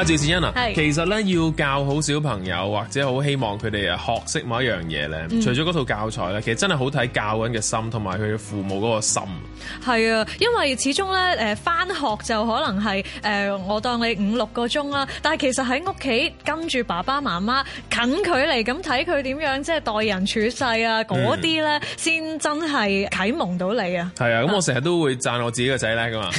啊，趙子欣啊，其實咧要教好小朋友或者好希望佢哋啊學識某一樣嘢咧，除咗嗰套教材咧，其實真係好睇教緊嘅心同埋佢嘅父母嗰個心。係啊，因為始終咧誒翻學就可能係誒我當你五六個鐘啦，但係其實喺屋企跟住爸爸媽媽近距離咁睇佢點樣，即係待人處世啊嗰啲咧，先真係啟蒙到你啊。係啊，咁我成日都會讚我自己個仔叻噶嘛。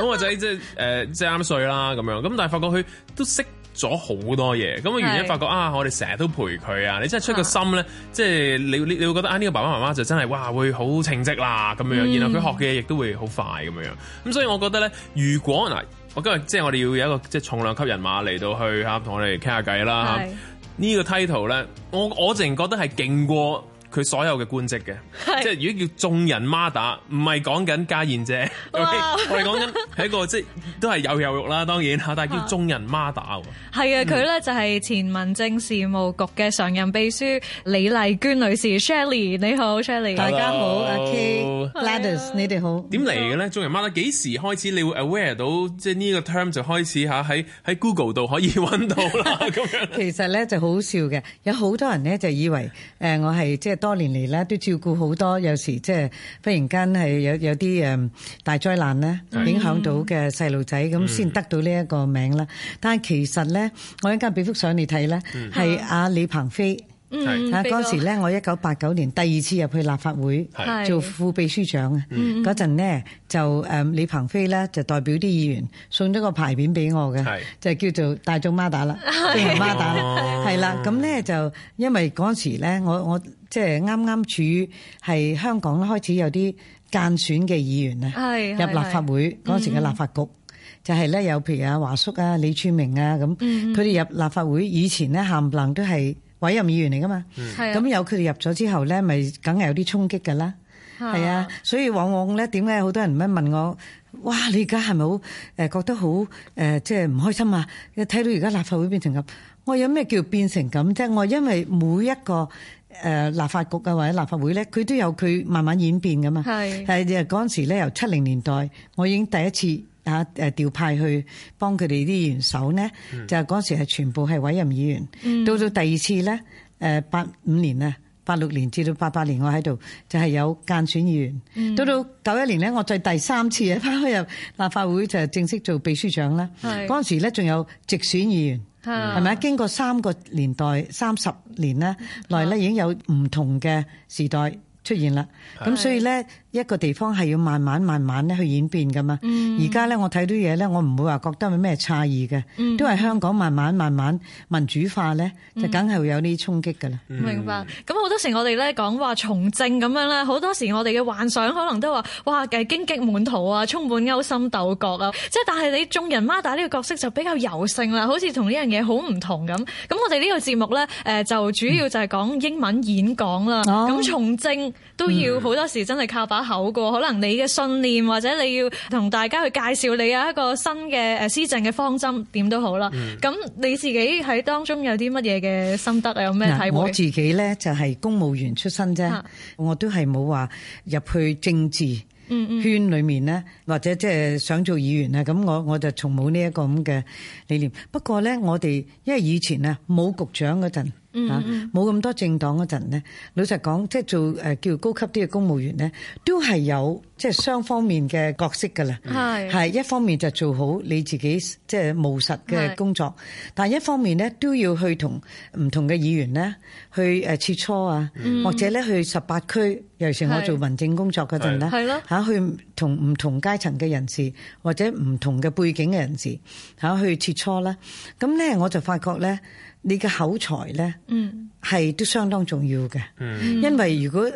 咁我仔即係誒即係啱歲啦咁樣，咁但係發覺佢，都識咗好多嘢，咁啊原因發覺是啊，我哋成日都陪佢啊，你真係出個心咧，即係、啊就是、你你你會覺得啊呢、這個爸爸媽媽就真係哇會好稱職啦咁樣、嗯、然後佢學嘅嘢亦都會好快咁樣樣，咁所以我覺得咧，如果嗱、啊，我今日即係我哋要有一個即係、就是、重量級人馬嚟到去吓同我哋傾下偈啦，是個呢個 title 咧，我我淨係覺得係勁過佢所有嘅官職嘅，即係是如果叫眾人媽打，唔係講緊家燕姐，哇 okay, 我哋講緊。係一個即都係有有肉啦，當然吓，但係叫大眾媽打喎。係啊，佢咧就係、是、前民政事務局嘅常任秘書李麗娟女士，Shelley，你好，Shelley，大家好，Hello 阿 K，Gladys，你哋好。點嚟嘅咧？大眾媽咧幾時開始你會 aware 到即係呢個 term 就開始吓，喺喺 Google 度可以揾到啦咁樣 其實咧就好笑嘅，有好多人咧就以為誒、呃、我係即係多年嚟咧都照顧好多，有時即係忽然間係有有啲誒、嗯、大災難咧影響到。到嘅細路仔咁先得到呢一個名啦，但係其實咧，我一陣俾幅相你睇咧，係阿李鵬飛。嗯，嗰時咧，我一九八九年第二次入去立法會做副秘書長啊，嗰陣咧就誒李鵬飛咧就代表啲議員送咗個牌匾俾我嘅，就叫做大眾媽打啦，都係媽打啦，係啦。咁咧就因為嗰時咧，我我即係啱啱處於係香港開始有啲間選嘅議員咧，是入立法會嗰陣時嘅立法局，嗯、就係咧有譬如阿華叔啊、李柱明啊咁，佢哋入立法會以前咧，冚唪唥都係委任議員嚟噶嘛。咁、啊、有佢哋入咗之後咧，咪梗係有啲衝擊噶啦。係啊，啊，所以往往咧點解好多人咧問我，哇！你而家係咪好誒覺得好誒、呃、即係唔開心啊？你睇到而家立法會變成咁，我有咩叫變成咁，即係我因為每一個。誒、呃、立法局啊，或者立法會咧，佢都有佢慢慢演變㗎嘛。係誒嗰陣時咧，由七零年代，我已經第一次嚇誒、啊啊、調派去幫佢哋啲議員手咧，嗯、就係嗰陣時係全部係委任議員。到、嗯、到第二次咧，誒八五年啊，八六年至到八八年我，我喺度就係、是、有間選議員。嗯、到到九一年咧，我再第三次翻、嗯、 入立法會就係正式做秘書長啦。係是。嗰陣時咧，仲有直選議員。係咪經過三個年代三十年咧，內咧已經有唔同嘅時代出現啦。咁是所以咧。一個地方係要慢慢慢慢咧去演變噶嘛，而家咧我睇到嘢咧，我唔會話覺得有咩詫異嘅。嗯、都係香港慢慢慢慢民主化咧，嗯、就梗係會有啲衝擊噶啦。明白。咁好多時我哋咧講話從政咁樣咧，好多時我哋嘅幻想，可能都話，哇，係荊棘滿途啊，充滿勾心鬥角啊，即係但係你眾人媽打呢個角色就比較柔性啦，好似同呢樣嘢好唔同咁。咁我哋呢個節目咧，誒就主要就係講英文演講啦。咁從、嗯、政都要好多時真係靠口嘅，可能你嘅信念，或者你要同大家去介紹你有一個新嘅誒施政嘅方針，點都好啦。咁你自己喺當中有啲乜嘢嘅心得啊？有咩體會？我自己咧就係公務員出身啫，我都係冇話入去政治圈裏面咧，或者即係想做議員啊。咁我我就從冇呢一個咁嘅理念。不過咧，我哋因為以前啊冇局長嗰陣。吓，冇咁多政黨嗰陣咧，老實講，即係做誒叫做高級啲嘅公務員咧，都係有即係雙方面嘅角色噶啦，係是一方面就做好你自己即係務實嘅工作，是但係一方面咧都要去同唔同嘅議員咧去誒切磋啊，嗯、或者咧去十八區，尤其是我做民政工作嗰陣咧，吓去同唔同階層嘅人士或者唔同嘅背景嘅人士吓去切磋啦，咁咧我就發覺咧。你嘅口才呢，係、嗯、都相當重要嘅，嗯、因為如果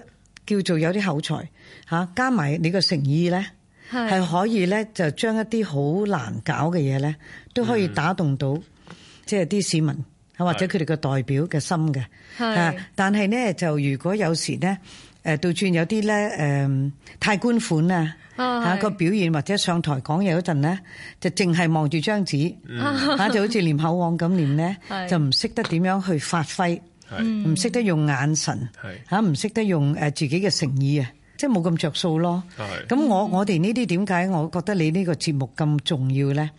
叫做有啲口才、啊、加埋你嘅誠意呢，係是可以呢，就將一啲好難搞嘅嘢呢，都可以打動到、嗯、即係啲市民是或者佢哋嘅代表嘅心嘅是、啊。但係呢，就如果有時呢。誒到處有啲咧，誒太官款啊！嚇個表現或者上台講嘢嗰陣咧，就淨係望住張紙，嚇就好似唸口簧咁唸咧，就唔識得點樣去發揮，唔識得用眼神，嚇唔識得用誒自己嘅誠意啊！即係冇咁著數咯。咁我我哋呢啲點解？我覺得你呢個節目咁重要咧？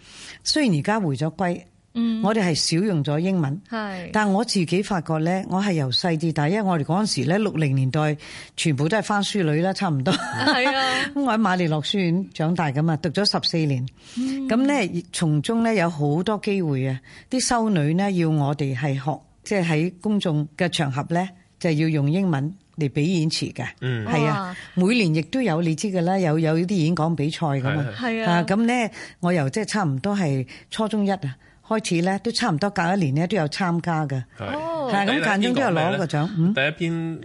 雖然而家回咗歸。嗯，我哋係少用咗英文，是但係我自己發覺咧，我係由細至大，因為我哋嗰陣時咧，六零年代全部都係番書女啦，差唔多。係 啊，我喺瑪利諾書院長大噶嘛，讀咗十四年，咁咧從中咧有好多機會啊。啲修女咧要我哋係學，即係喺公眾嘅場合咧，就是、要用英文嚟畀演詞嘅。嗯，係啊，哇每年亦都有你知噶啦，有有啲演講比賽噶嘛，係是啊。咁咧、啊、我由即係差唔多係初中一啊。開始咧都差唔多隔一年咧都有參加嘅，係咁間中都有攞個獎。第一篇誒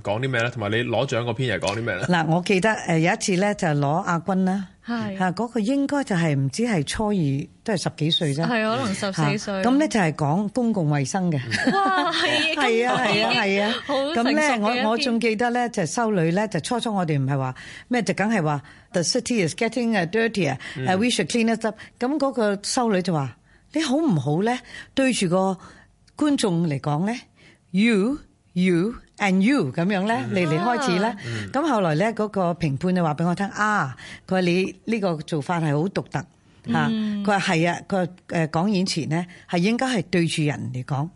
講啲咩咧？同埋你攞獎嗰篇又係講啲咩咧？嗱，我記得誒有一次咧就攞亞軍啦，係嗰個應該就係唔知係初二都係十幾歲啫，係可能十四歲。咁咧就係講公共衛生嘅，係啊係啊係啊，好成熟嘅。咁咧我我仲記得咧就修女咧就初初我哋唔係話咩就梗係話 The city is getting dirtier 啊，誒 we should clean it up。咁嗰個修女就話。你好唔好咧？對住個觀眾嚟講咧，you you and you 咁樣咧，嚟嚟開始呢。咁、啊、後來咧，嗰個評判就話俾我聽啊，佢話你呢個做法係好獨特。嚇！佢話係啊，佢誒講演前咧係應該係對住人嚟講，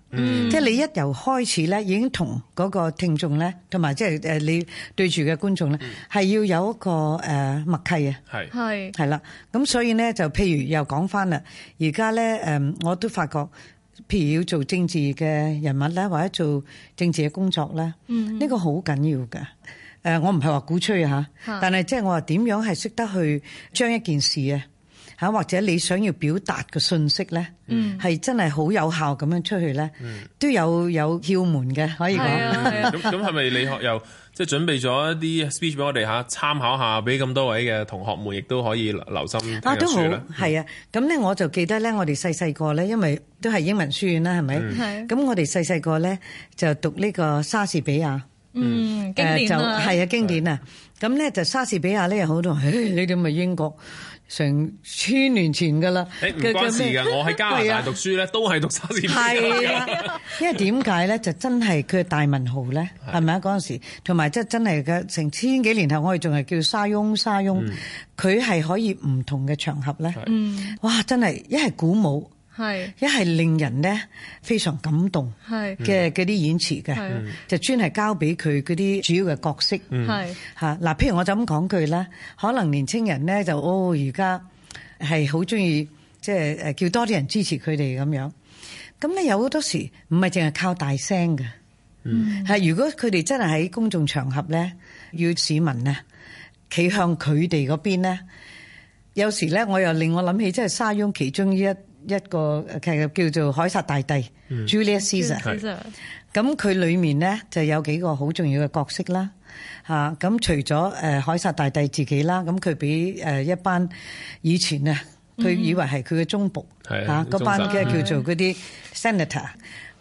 即係、嗯、你一由開始咧已經同嗰個聽眾咧，同埋即係誒你對住嘅觀眾咧，係、嗯、要有一個誒默契啊！係係係啦，咁所以咧就譬如又講翻啦，而家咧誒我都發覺，譬如要做政治嘅人物咧，或者做政治嘅工作咧，呢、嗯、個好緊要㗎。誒我唔係話鼓吹嚇，係。但係即係我話點樣係識得去將一件事啊！嚇、啊、或者你想要表達嘅信息咧，係、嗯、真係好有效咁樣出去咧，嗯、都有有竅門嘅，可以講。咁咁係咪你學、嗯、又即係、就是、準備咗一啲 speech 俾我哋嚇參考下，俾咁多位嘅同學們亦都可以留心聽一聽啦。啊都好，係啊。咁咧我就記得咧，我哋細細個咧，因為都係英文書院啦，係咪？咁、嗯啊、我哋細細個咧就讀呢個莎士比亞。嗯，經典、啊啊、就係啊，經典啊。咁咧、啊、就莎士比亞咧好多，唉，你哋咪英國。成千年前噶啦，誒唔、欸、麼我喺加拿大讀書咧， 啊、都係讀沙士。係啊， 因為點解咧？就真係佢大文豪咧，係咪啊？嗰陣時，同埋即係真係嘅，成千幾年後，我哋仲係叫沙翁，沙翁，佢係、嗯、可以唔同嘅場合咧。嗯是，哇，真係一係鼓舞。係一係令人咧非常感動嘅嗰啲演詞嘅，就專係交俾佢嗰啲主要嘅角色。係吓嗱，譬如我就咁講句啦，可能年青人咧就哦，而家係好中意即係誒，叫多啲人支持佢哋咁樣。咁咧有好多時唔係淨係靠大聲嘅。嗯，係如果佢哋真係喺公眾場合咧，要市民咧企向佢哋嗰邊咧，有時咧我又令我諗起即係沙翁其中一。一個其實叫做凱撒大帝，Julius Caesar。咁佢裏面咧就有幾個好重要嘅角色啦嚇。咁除咗誒凱撒大帝自己啦，咁佢俾誒一班以前啊，佢以為係佢嘅忠僕嚇，嗰班嘅叫做嗰啲 senator，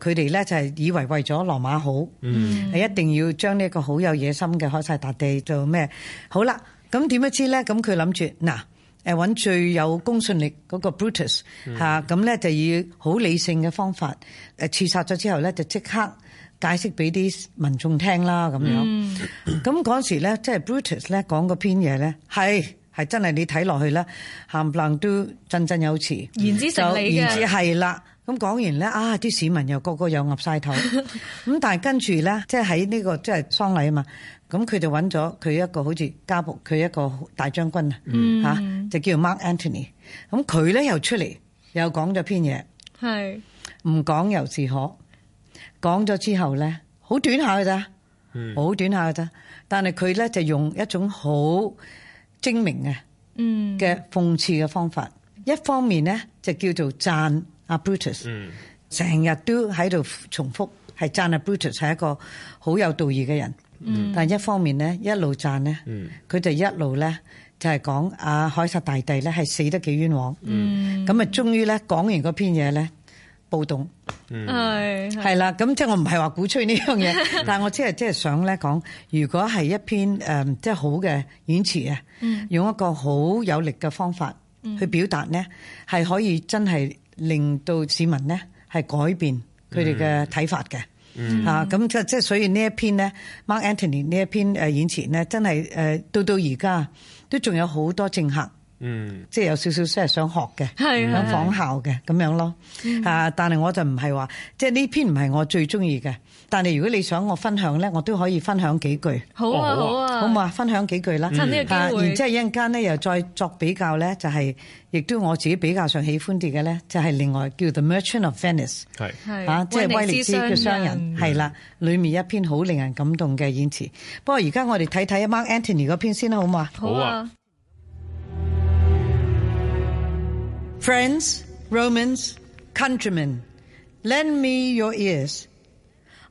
佢哋咧就係以為為咗羅馬好，係一定要將呢一個好有野心嘅凱撒大帝做咩？好啦，咁點樣知咧？咁佢諗住嗱。誒揾最有公信力嗰個 Brutus 咁咧、嗯啊、就以好理性嘅方法刺殺咗之後咧，就即刻解釋俾啲民眾聽啦咁樣。咁嗰、嗯、時咧，即係 Brutus 咧講嗰篇嘢咧，係係真係你睇落去咧，冚唪唥都振振有詞，嗯、就言之係啦。是的是咁講完咧，啊！啲市民又個個又岌曬頭咁，但係跟住咧，即係喺呢個即係喪禮啊嘛。咁佢就揾咗佢一個好似家僕，佢一個大將軍啊嚇，就叫做 Mark Antony。咁佢咧又出嚟又講咗篇嘢，係唔講猶自可，講咗之後咧，好短下㗎咋，好短下㗎咋。但係佢咧就用一種好精明嘅嘅諷刺嘅方法，一方面咧就叫做讚。阿 Brutus，成日都喺度重複，係讚阿 Brutus 係一個好有道義嘅人。但一方面咧，一路讚咧，佢就一路咧就係講阿凱撒大帝咧係死得幾冤枉。咁啊，終於咧講完嗰篇嘢咧，暴動係係啦。咁即係我唔係話鼓吹呢樣嘢，但係我即係即係想咧講，如果係一篇誒即係好嘅演辭啊，用一個好有力嘅方法去表達咧，係可以真係。令到市民咧係改變佢哋嘅睇法嘅，咁即即所以呢一篇咧，Mark Antony 呢一篇誒、呃、演前咧，真係誒、呃、到到而家都仲有好多政客，嗯，mm. 即係有少少即想學嘅，mm. 想仿效嘅咁樣咯，嚇、啊！但係我就唔係話，即係呢篇唔係我最中意嘅。但係如果你想我分享咧，我都可以分享幾句。好啊，好啊，好唔好啊好？分享幾句啦，趁呢個機會。然之後一陣間咧，又再作比較咧，就係亦都我自己比較上喜歡啲嘅咧，就係、是、另外叫 The Merchant of Venice，係，嚇，即係威尼斯嘅商人，係啦人，裡面一篇好令人感動嘅演詞。不過而家我哋睇睇阿 Mark Antony 嗰篇先啦，好唔好啊？好啊。Friends, Romans, countrymen, lend me your ears.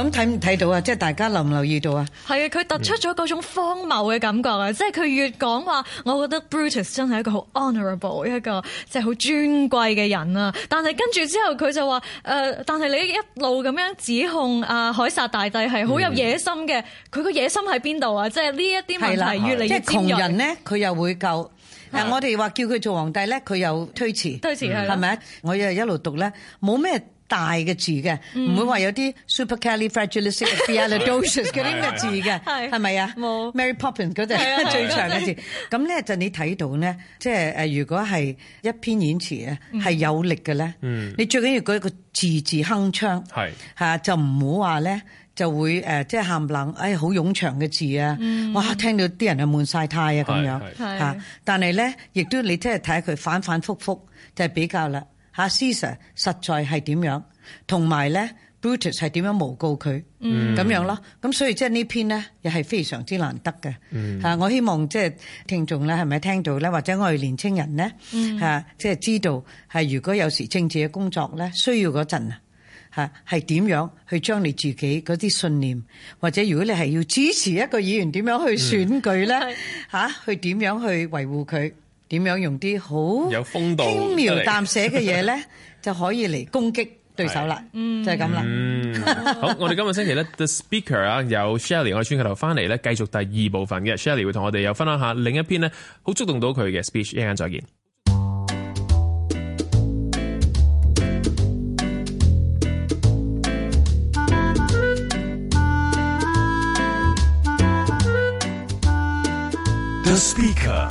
咁睇唔睇到啊，即係大家留唔留意到啊？係啊，佢突出咗嗰種荒謬嘅感覺啊！即係佢越講話，我覺得 Brutus 真係一個好 honorable 一個即係好尊貴嘅人啊！但係跟住之後佢就話誒、呃，但係你一路咁樣指控阿凱撒大帝係好有野心嘅，佢個、嗯、野心喺邊度啊？即係呢一啲係越嚟越、就是、窮人咧，佢又會救的、呃。我哋話叫佢做皇帝咧，佢又推辭。推辭係咪？吧的我又一路讀咧，冇咩。大嘅字嘅，唔會話有啲 supercalifragilisticexpialidocious 嗰啲嘅字嘅，係咪啊？冇 Mary Poppins 嗰啲最長嘅字。咁咧就你睇到咧，即係如果係一篇演詞係有力嘅咧，你最緊要嗰一個字字鏗鏘係嚇，就唔好話咧就會即係喊冷，哎，好冗長嘅字啊，哇，聽到啲人啊悶晒太啊咁樣嚇，但係咧亦都你即係睇佢反反覆覆就係比較啦。嚇，Caesar 實在係點樣？同埋咧，Brutus 係點樣誣告佢？咁樣咯。咁所以即係呢篇咧，又係非常之難得嘅。嚇，我希望即係聽眾咧，係咪聽到咧？或者我哋年青人咧，嚇，即係知道係如果有時政治嘅工作咧，需要嗰陣啊，嚇，係點樣去將你自己嗰啲信念，或者如果你係要支持一個議員點樣去選舉咧，嚇，去點樣去維護佢？點樣用啲好有風度，輕描淡寫嘅嘢咧，就可以嚟攻擊對手啦， 就係咁啦。嗯、 好，我哋今日星期咧 ，the speaker 啊，有 Shelly 我哋轉過頭翻嚟咧，繼續第二部分嘅 Shelly 會同我哋又分享下另一篇咧，好觸動到佢嘅 speech，一陣再見。The speaker。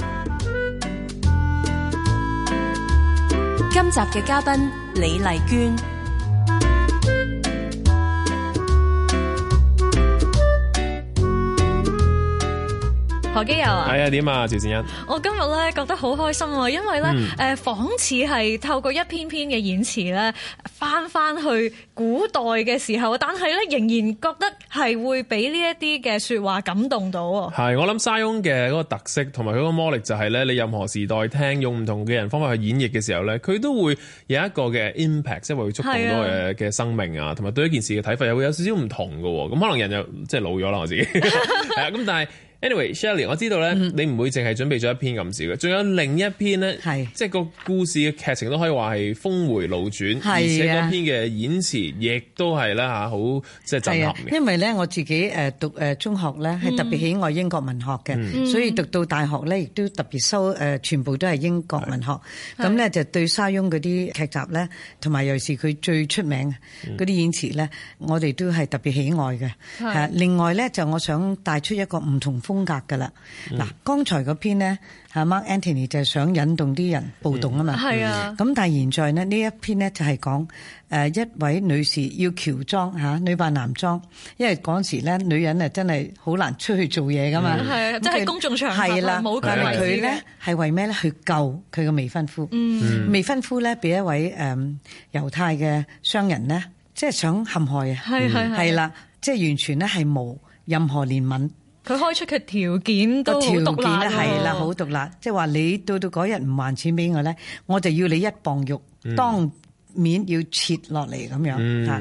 今集嘅嘉賓李麗娟，何基佑啊？係啊，點啊？趙善欣，我今日咧覺得好開心啊，因為咧誒，仿似係透過一篇篇嘅演詞咧，返返去古代嘅時候，但係咧仍然覺得。係會俾呢一啲嘅說話感動到。係，我諗莎翁嘅嗰個特色同埋佢個魔力就係、是、咧，你任何時代聽用唔同嘅人方法去演繹嘅時候咧，佢都會有一個嘅 impact，即係會觸動到佢嘅生命啊，同埋的對一件事嘅睇法又會有少少唔同喎。咁可能人又即係老咗啦，我自己啊。咁 但 Anyway，Shelley，我知道咧，你唔會淨係準備咗一篇咁少嘅，仲有另一篇咧，即係個故事嘅劇情都可以話係峰迴路轉，而且嗰篇嘅演詞亦都係啦嚇，好即係震撼嘅。因為咧我自己誒讀誒中學咧係特別喜愛英國文學嘅，所以讀到大學咧亦都特別收誒全部都係英國文學。咁咧就對莎翁嗰啲劇集咧，同埋尤其是佢最出名嗰啲演詞咧，我哋都係特別喜愛嘅。係，另外咧就我想帶出一個唔同風格噶啦嗱，剛才嗰篇呢，阿 Mark Anthony 就係想引動啲人暴動啊嘛。係啊，咁但係現在呢，呢一篇呢就係講誒一位女士要喬裝嚇女扮男裝，因為嗰時咧女人咧真係好難出去做嘢噶嘛，係啊，即係公眾場合冇佢咧，係為咩咧？去救佢個未婚夫，嗯，未婚夫咧俾一位誒猶太嘅商人呢，即係想陷害啊，係係係啦，即係完全咧係冇任何憐憫。佢開出嘅條件都條件咧係啦，好毒辣，即係話你到到日唔還錢俾我咧，我就要你一磅肉，嗯、當面要切落嚟咁樣吓，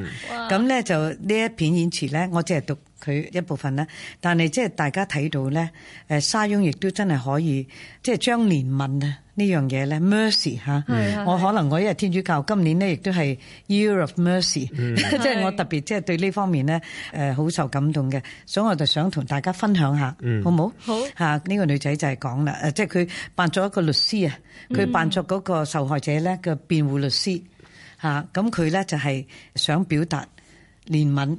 咁咧哇就呢一片演詞咧，我只係讀。佢一部分咧，但係即係大家睇到咧，誒，沙翁亦都真係可以，即係將憐憫啊呢樣嘢咧 mercy 嚇，我可能我因為天主教今年咧亦都係 Year of Mercy，即係我特別即係對呢方面咧誒，好受感動嘅，所以我就想同大家分享下，好唔好？好嚇，呢個女仔就係講啦，誒即係佢扮咗一個律師啊，佢扮作嗰個受害者咧嘅辯護律師嚇，咁佢咧就係想表達憐憫。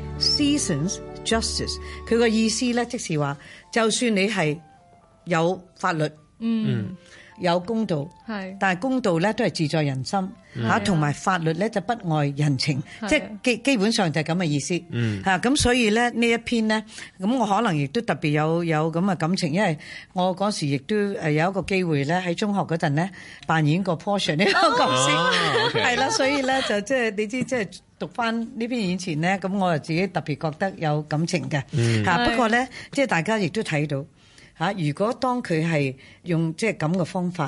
seasons justice，佢個意思咧，即是話，就算你係有法律，嗯。嗯有公道，但係公道咧都係自在人心嚇，同埋法律咧就不礙人情，即係基基本上就係咁嘅意思嚇。咁所以咧呢一篇咧，咁我可能亦都特別有有咁嘅感情，因為我嗰時亦都誒有一個機會咧喺中學嗰陣咧扮演個 Portia 呢個角色，係啦，所以咧就即係你知即係讀翻呢篇以前咧，咁我就自己特別覺得有感情嘅嚇。不過咧，即係大家亦都睇到。啊！如果當佢係用即係咁嘅方法，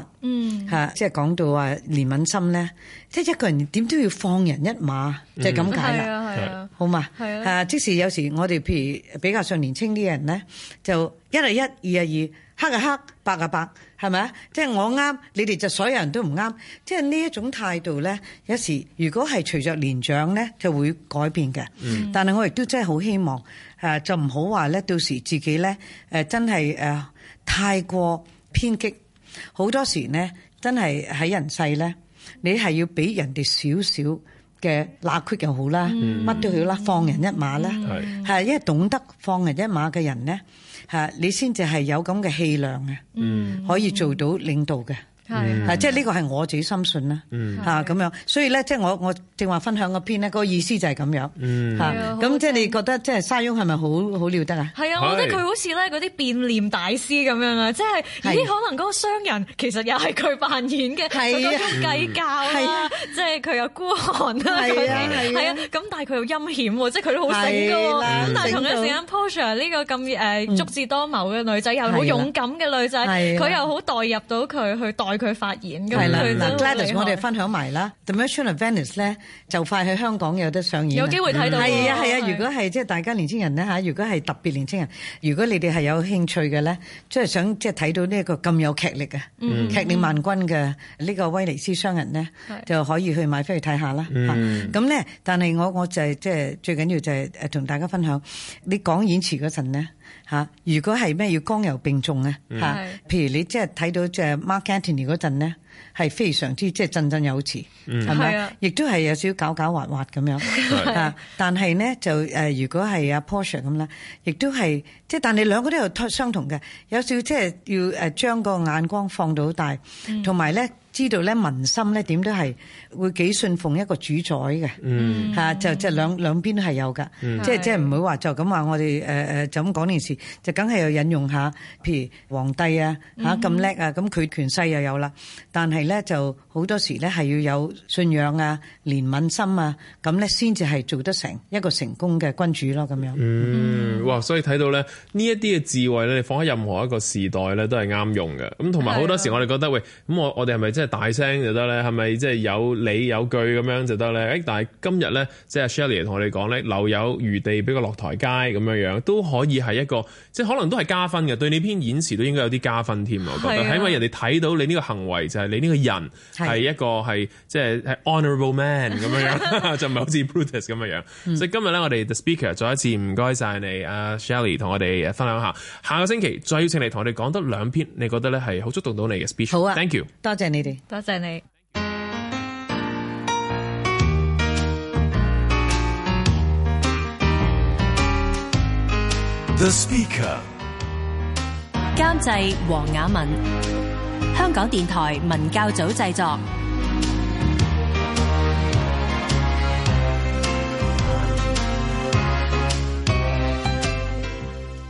嚇，即係講到話憐憫心咧，即係一個人點都要放人一馬，就係咁解啦，好嘛？嚇，即使有時我哋譬如比較上年青啲人咧，就一係一，二係二，黑係黑，白係白，係咪啊？即係我啱，你哋就所有人都唔啱，即係呢一種態度咧。有時如果係隨著年長咧，就會改變嘅。但係我亦都真係好希望。啊，就唔好話咧，到時自己咧，誒、啊、真係誒、啊、太過偏激，好多時咧真係喺人世咧，你係要俾人哋少少嘅納屈又好啦，乜、嗯、都好啦，放人一馬啦，嗯、因為懂得放人一馬嘅人咧、啊，你先至係有咁嘅氣量嘅，嗯、可以做到領導嘅。係即係呢個係我自己深信啦嚇咁樣，所以咧即係我我正話分享個篇咧，嗰個意思就係咁樣嚇咁即係你覺得即係沙翁係咪好好了得啊？係啊！我覺得佢好似咧嗰啲變臉大師咁樣啊！即係咦？可能嗰個商人其實又係佢扮演嘅，佢講計較啦，即係佢又孤寒啦，係啊係咁，但係佢又陰險喎！即係佢都好醒㗎喎！咁但係同一時間 Portia 呢個咁誒足智多謀嘅女仔，又好勇敢嘅女仔，佢又好代入到佢去代。佢佢發演嘅，啦我哋分享埋啦，The Merchant of Venice 咧就快去香港有得上演，有機會睇到。係啊係啊！如果係即係大家年青人咧吓，如果係特別年青人，如果你哋係有興趣嘅咧，即係想即係睇到呢一個咁有劇力嘅，劇力萬鈞嘅呢個威尼斯商人咧，就可以去買飛去睇下啦。咁咧，但係我我就係即係最緊要就係誒同大家分享，你講演辭嗰陣咧。吓、啊，如果係咩要剛柔並重啊吓，啊嗯、譬如你即係睇到隻 Mark Antony 嗰陣咧。係非常之即係振振有詞，係咪啊？亦都係有少搞搞滑滑咁樣啊！但係咧就誒，如果係阿 Porsche 咁咧，亦都係即係，但你兩個都有相同嘅，有少即係要誒將個眼光放到大，同埋咧知道咧民心咧點都係會幾信奉一個主宰嘅，吓就就兩兩邊都係有噶，即係即係唔會話就咁話我哋誒誒就咁講件事，就梗係要引用下，譬如皇帝啊吓咁叻啊，咁佢權勢又有啦，但但係咧就好多時咧係要有信仰啊、憐憫心啊，咁咧先至係做得成一個成功嘅君主咯，咁樣。嗯，嗯哇！所以睇到咧呢一啲嘅智慧咧，你放喺任何一個時代咧都係啱用嘅。咁同埋好多時我哋覺得的喂，咁我我哋係咪真係大聲就得咧？係咪即係有理有據咁樣就得咧？誒，但係今日咧，即係 Shelley 同我哋講咧，留有餘地俾個落台階咁樣樣，都可以係一個，即係可能都係加分嘅。對呢篇演詞都應該有啲加分添我覺得，因為的人哋睇到你呢個行為就係、是。你呢個人係一個係的即係係 honorable man 咁樣 樣，就唔係好似 Brutus 咁樣樣。所以今日咧，我哋 the speaker 再一次唔該晒你，阿 Shelley 同我哋分享下。下個星期再邀請你同我哋講多兩篇，你覺得咧係好觸動到你嘅 speech。好啊，thank you，多謝你哋，多謝你。多謝你 the speaker。監製黃雅文。香港電台文教組製作。